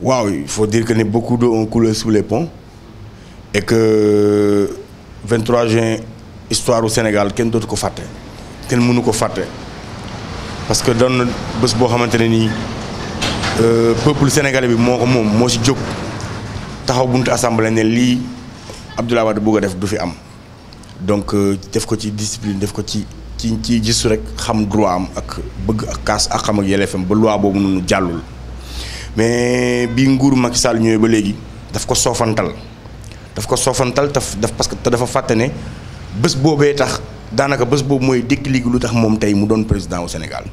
waaw il faut dire ne ni beaucoup d'eau ont coulé sous les ponts et que 23 juin histoire Sénégal kenn dootu ko fàtte kenn mënu ko fàtte parce que doon na bës boo xamante ne nii euh, peuple sénégalais bi moo ko moom moo si jóg taxaw buntu assemblée ne lii Abdoulaye Wade bëgg def du fi am donc euh, def ko ci discipline def ko ci ci ci gisu rek xam droit am ak bëgg ak kaas ak xam ak yelleefam ba loi boobu noonu jàllul mais bi nguuru Macky Sall ñëwee ba léegi daf ko soofantal daf ko soofantal taf daf parce que te dafa fàtte ne bés boobee tax daanaka bés boobu mooy déclic lu tax moom tey mu doon président Sénégal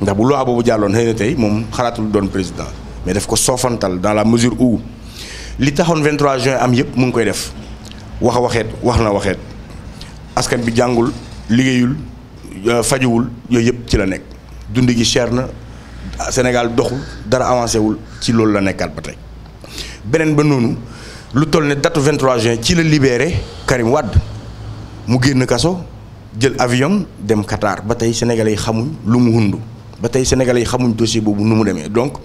ndax bu loi boobu jàlloon na tey moom xalaatul doon président mais daf ko soofantal dans la mesure où li taxoon 23 juin am yëpp mu ngi koy def wax a waxeet wax na waxeet askan bi jàngul liggéeyul euh, fajuwul yooyu yëpp ci la nekk dund gi cher na. Sénégal doxul dara avancé wul ci loolu la nekkaat ba tey beneen ba noonu lu toll ne date 23 juin ci la libéré Karim Wade mu génn kaso jël avion dem Qatar ba tey sénégalais yi xamuñ lu mu hundu ba tey sénégalais yi xamuñ dossier boobu nu mu demee donc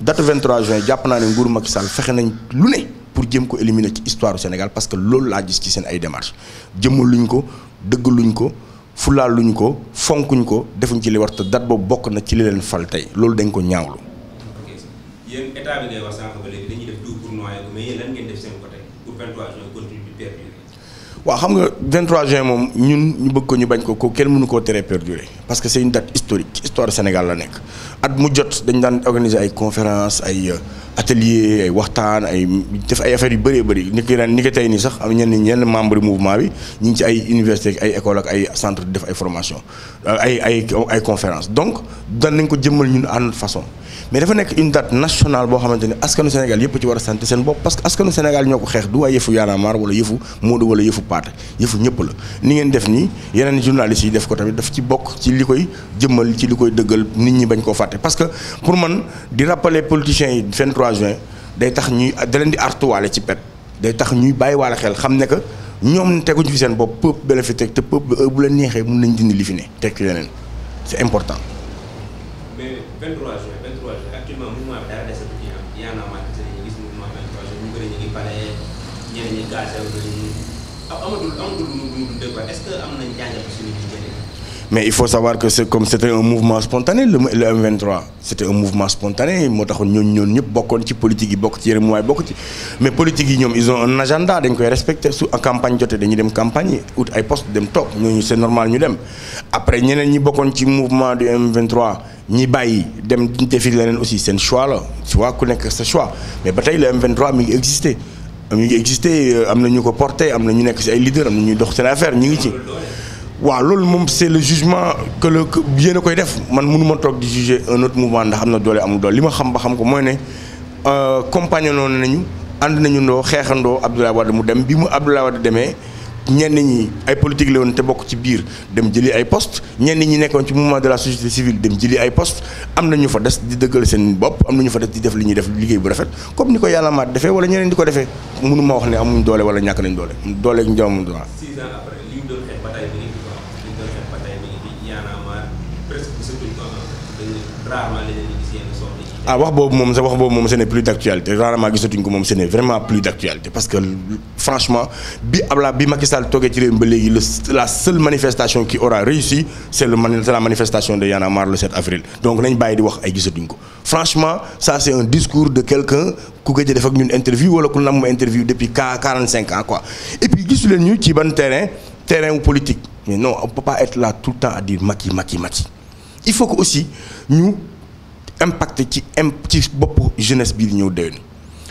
date 23 juin jàpp naa ne nguuru Macky Sall fexe nañ lu ne pour jéem ko éliminer ci histoire Sénégal parce que loolu laa jis ci seen ay démarche jëmmaluñ ko dëgg dëggaluñ ko. fulaaluñ ko fonkuñ ko defuñ ci li war dat boobu bokk na ci li leen fal tey loolu dañ ko ñaawlu. waaw xam nga 23 juin moom ñun ñu bëgg ko ñu bañ ko ko kenn mënu koo teree perdurer parce que c'est une date historique ci Sénégal la nekk at mu jot dañ daan organiser ay conférences ay euh, atelier ay waxtaan ay def ay affaires yu bëree bëri ni ki daan ni tey nii sax am ñenn ñenn membre mouvement bi ñu ngi ci ay université ay école ak ay centre def ay formation euh, ay ay ay conférences donc daan nañ ko jëmmal ñun à notre façon mais dafa nekk une nationale boo xamante ne askanu Sénégal yëpp ci war a sant seen bopp parce que askanu Sénégal ñoo ko xeex du ay yëfu Y'en a marre wala yëfu Modou yëfu paate yëfu ñëpp la ni ngeen def nii yeneen journalistes yi def ko tamit daf ci bokk ci li koy jëmmal ci li koy dëggal nit ñi bañ koo fàtte parce que pour man di rappeler politiciens yi 23 juin day tax ñuy da leen di artuwaale ci pet day tax ñuy bàyyi bàyyiwaale xel xam ne que ñoom teguñu fi seen bopp peuple bi la teg te peuple bi bu la neexee mun nañ dindi li fi ne teg ci leneen c'est important. amatul amatul mais il faut savoir que c'est comme c'était un mouvement spontané le M23 c'était un mouvement spontané moo taxoon ñooñu ñoon ñëpp bokkoon ci politique yi bokk ci yeneen bokk ci mais politique yi ñoom ils ont un agenda campagne jotee dañuy dem campagne yi ut ay poste dem toog ñooñu c'est normal ñu après ñeneen ñi bokkoon ci mouvement du M23 ñi bàyyi dem defi leneen aussi seen choix la tu ku nekk sa mais ba tey le m mi ngi exister ñu ngi am na ñu ko porté am na ñu nekk si ay leader am na ñuy dox seen affaire ñu ngi ci waaw loolu moom c'est le jugement que le yéen a koy def man mënu ma toog di juger un autre mouvement ndax am na doole amul doole li ma xam ba xam ko mooy ne euh, compagnonnoon nañu ànd nañu ndoo xeexandoo Abdoulaye Wade mu dem bi mu Abdoulaye Wade demee ñenn ñi ay politique la woon te bokk ci biir dem jëli ay poste ñenn ñi nekkoon ci mouvement de la société civile dem jëli ay poste am na ñu fa des di dëggal seen bopp am na ñu fa des di def li ñuy def liggéey bu rafet comme ni ko yàlla maat defee wala ñeneen di ko defee mënu wax ne amuñ doole wala ñàkk nañ doole dooleeg njawam doole. six ans presque bu sëbëñ ko dañu ah wax boobu moom sa wax boobu moom ce n'est plus d'actualité rarement gisatuñ ko moom ce n'est vraiment plus d'actualité parce que franchement bi Abla bi Macky Sall ci réew mi ba léegi la seule manifestation qui aura réussi c'est le la manifestation de Y'en a marre le 7 avril donc nañ bàyyi di wax ay gisatuñ ko franchement ça c'est un discours de quelqu'un ku gëj a def ak ñun interview wala ku nam ma interview depuis quarante cinq ans quoi et puis mais non on peut pas être là tout le temps a dire Macky Macky Macky il faut que aussi ñu impacter ci imp ci bopp jeunesse bii di ñëw déwén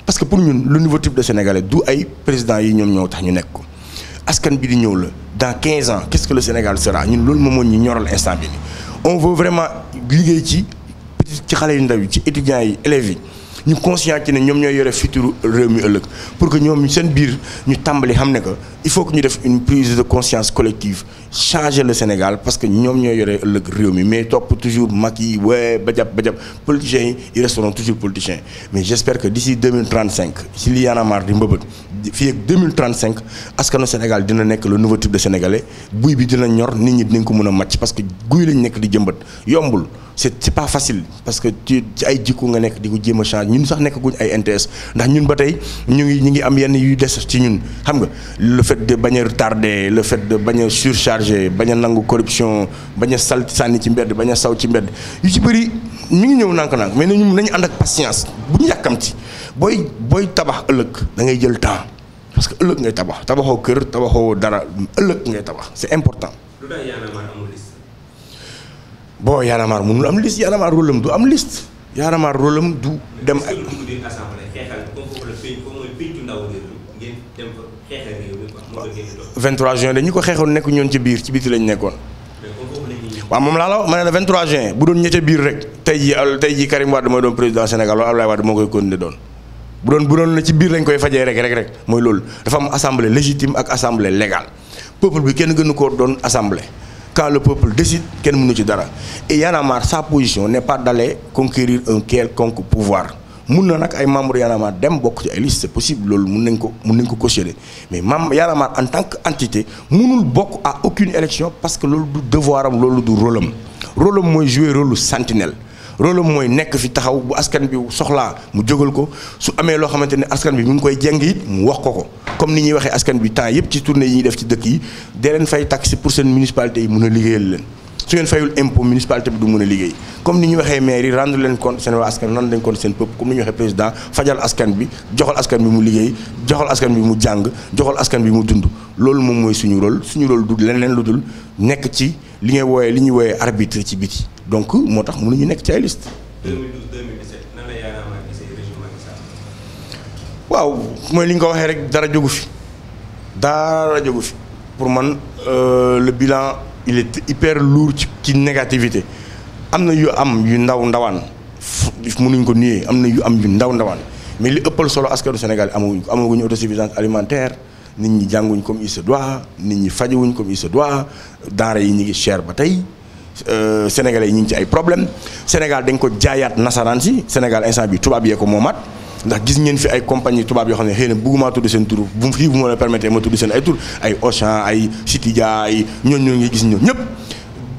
parce que pour ñun le nouveau type de sénégalais du ay président yi ñoom ñoo tax ñu nekk ko askan bi di ñëw la dans 15 ans qu'est-ce que le Sénégal sera ñun loolu moom moo ñu ñoral instant bi nii on veut vraiment liggéey ci ci xale yu ndaw yi ci étudiants yi élèves yi. ñu conscient nañ ñoom ñooy yore futur réew mi ëllëg pour que ñoom seen biir ñu tàmbali xam ne que il faut que ñu def une prise de conscience collective changer le Sénégal parce que ñoom ñoo yore ëllëg réew mi mais topp toujours Macky waaye ba jàpp ba yi ils resteront toujours politiciens mais j' espère que d' ici 2035 si li Y'en di mbëbët fii ak 2035 Sénégal dina nekk le nouveau type de sénégalais buy bi dina ñor nit ñi dinañ ko mën a màcc parce que guy lañ nekk di jëmbat yombul c' est pas facile parce que ci ci ay jikko nga nekk di ko jéem a change ñun sax nekk nekkaguñ ay NTS ndax ñun ba tey ñu ngi ñu ngi am yenn yuy des ci ñun xam nga le fait le fait de bañ a bañ a nangu corruption bañ a salt sànni ci mbedd bañ a saw ci mbedd yu ci bëri mu ngi ñëw nànk-nànk mais nañu nañu ànd ak patience bu ñu yàkkamti booy booy tabax ëllëg da ngay jël temps parce que ëllëg ngay tabax tabaxoo kër tabaxoo dara ëllëg ngay tabax c'est important. boo tax Y'en a am liste Y'en a du am liste Y'en a du dem ak. 23 juin dañu ko xeexoon nekk ñoon ca biir ci biti lañ nekkoon. waaw moom laa la ma ne la 23 juin bu doon ñette biir rek tey ji jii tey jii Karim Wade mooy doon président Sénégal loolu Abdoulaye Wade moo koy continuer doon. bu doon bu doon na ci biir lañ koy fajee rek rek rek mooy loolu dafa am assemblée légitime ak assemblée légal peuple bi kenn gënu koo doon assemblée quand le peuple décide kenn mënu ci dara et Y sa position n'est pas d'aller conquérir un pouvoir. mun na nag ay membre Y'en a dem bokk ci ay liste c'est possible loolu mun nañ ko mun nañ ko cautionner mais membre Y'en a en tant que entité munul bokk à aucune élection parce que loolu du devoir am loolu du rôle am mooy jouer rôle sentinelle rôle mooy nekk fi taxaw bu askan bi soxlaa mu jógal ko su amee loo xamante ne askan bi mu ngi koy jeng it mu wax ko ko comme ni ñuy waxee askan bi temps yëpp ci tournée yi ñuy def ci dëkk yi dee leen fay taxi pour seen municipalité yi liggéeyal leen su ngeen fayul impôt municipalité bi du mën a liggéey comme ni ñu waxee maire yi rendre leen compte seen waa askan rendre leen compte seen peuple comme ni ñu waxee président fajal askan bi joxal askan bi mu liggéey joxal askan bi mu jàng joxal askan bi mu dund loolu moom mooy suñu rol suñu rôle du leneen lu dul nekk ci li ngay wooyee li ñuy wooyee arbitre ci biti donc moo tax mënuñu nekk ci ay liste waaw mooy li nga ko waxee rek dara jógu fi dara jógu fi pour man euh, le bilan il est hyper lourd ci ci négativité am na yu am yu ndaw ndawaan nuñ ko nuyee am na yu am yu ndaw ndawaan mais li ëppal solo askanu Sénégal amaguñ ko amaguñu autosuffisance alimentaire nit ñi jànguñ comme il se doit nit ñi fajewuñ comme il se doit denrées yi ñu ngi cher ba tey euh, sénégalais yi ñu ngi ci ay problème Sénégal dañ ko jaayaat nasaraan si Sénégal instant bi tubaab yee ko moomaat ndax gis ngeen fi ay compagnie tubaab yoo xam ne xëy na bëgguma tudd seen tur bu mu fii bu ma la permettre ma tudd seen ay tur ay Auchan ay Citydia ay ñooñu ñoo ngi gis ñoom ñëpp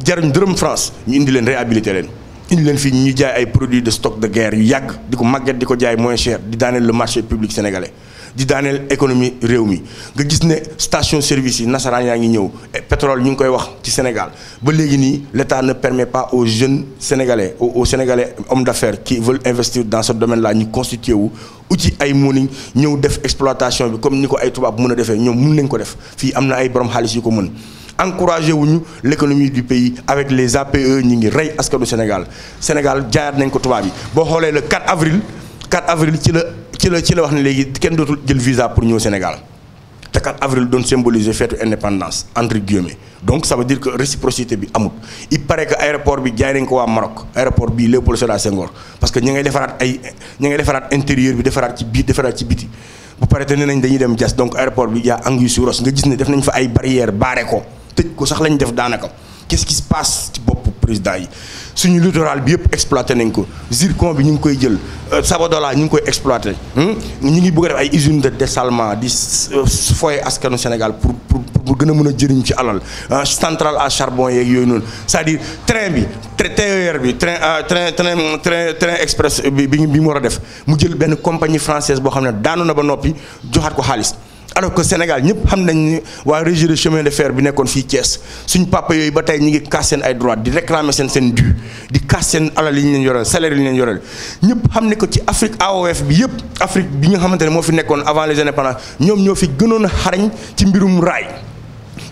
jaruñ dërëm France ñu indi leen réhabilité leen indi leen fii ñu jaay ay produits de stock de guerre yu yàgg di ko màgget di ko jaay moins cher di daaneel le marché public sénégalais di daaneel économie réew mi nga gis ne station service yi nasaraan yaa ngi ñëw eh, pétrole ñu ngi koy wax ci Sénégal ba léegi nii l'État ne permet pas aux jeunes sénégalais aux sénégalais hommes d'affaires qui veulent investir dans ce domaine-là ñu constitué wu uti ay mooniñ ñëw def exploitation bi comme ni ko ay tubaab mën a defee ñoom mun nañ ko def fii am na ay borom xaalis yu ko mën encouragé wuñu l'économie du pays avec les APE ñi ngi rey askanu Sénégal Sénégal jaayaat nañ ko tubaab yi boo xoolee le 4 avril ci la ci la wax ne léegi kenn dootul jël visa pour ñëw Sénégal te 4 avril doon symboliser feetu indépendance entre guillemets donc ça veut dire que réciprocité bi amut il paraît que aéroport bi jaay nañ ko waa Maroc aéroport bii Léopold Sédar Senghor parce que ñi ngay defaraat ay ñi ngay defaraat intérieur bi defaraat ci biir defaraat ci biti bu paree te nee nañ dañuy dem jas donc aéroport bi yaa anguille sous roche nga gis ne def nañ fa ay barrières baare ko tëj ko sax lañ def daanaka qu'est-ce qui se passe ci bopp président suñu littoral bi yëpp exploité nañ ko zircon bi ñu ngi koy jël euh, Sabodala ñu ngi koy exploité hmm? ñu ngi bëgg a def ay usine de dessalement di foye askanu Sénégal pour pour pour gën a mën a jëriñ ci alal euh, centrale à charbon yeeg yooyu noonu c'est-à-dire train bi TER bi euh, train train train train express bi bi mu war a def mu jël benn compagnie française boo xam ne daanu na ba noppi joxaat ko xaalis alors que Sénégal ñëpp xam nañ ni waa régie de chemin de fer bi nekkoon fii Thiès suñ papa yooyu ba tey ñu ngi kaas seen ay droit di réclamer seen seen dû di kaas seen alal yi ñu leen yoreel salaire leen yoreel ñëpp xam ne ko ci Afrique AOF bi yëpp Afrique bi nga xamante ne moo fi nekkoon avant les indépendances ñoom ñoo fi gënoon a xarañ ci mbirum raay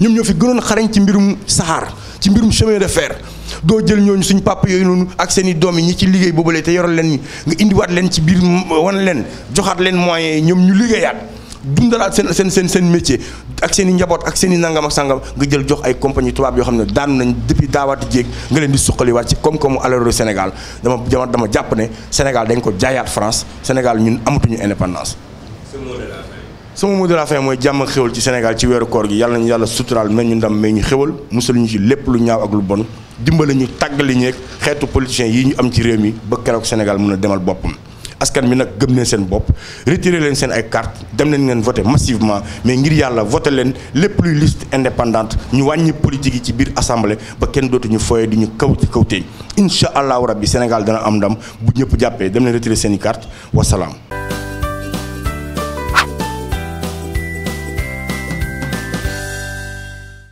ñoom ñoo fi gënoon xarañ ci mbirum saxaar ci mbirum chemin de fer doo jël ñooñu suñ papa yooyu noonu ak seen i doom yi ñi ci liggéey boobalee te yoral leen nga indiwaat leen ci biir wan leen joxaat leen moyens yi ñoom ñu liggéeyaat dundalaat seen seen seen seen ak seen i njaboot ak seen i nangam ak sangam nga jël jox ay compagnie tubaab yoo xam ne daanu nañ depuis daawaati jéeg nga leen di suqaliwaat ci koom-koomu alalu Sénégal dama dama dama jàpp ne Sénégal dañ ko jaayaat France Sénégal ñun amatuñu indépendance. sama moo de la fin mooy jàmm ak ci Sénégal ci weeru koor gi yàlla nañu yàlla suturaal mel ñu ndam may ñu xéwal musal ñu ci lépp lu ñaaw ak lu bon dimbale ñu tàggali ñeeg xeetu politiciens yi ñu am ci réew mi ba keroog Sénégal mën a demal boppam askan bi nag gëm leen seen bopp retiré leen seen ay carte dem leen ngeen voté massivement mais ngir yàlla voté leen lépp luy liste indépendante ñu wàññi politique yi ci biir assemblée ba kenn dootuñu foye di ñu kaw ci kawtee incha allahu rabbi Sénégal dana am ndam bu ñëpp jàppee dem leen retiré seen i carte wasalaam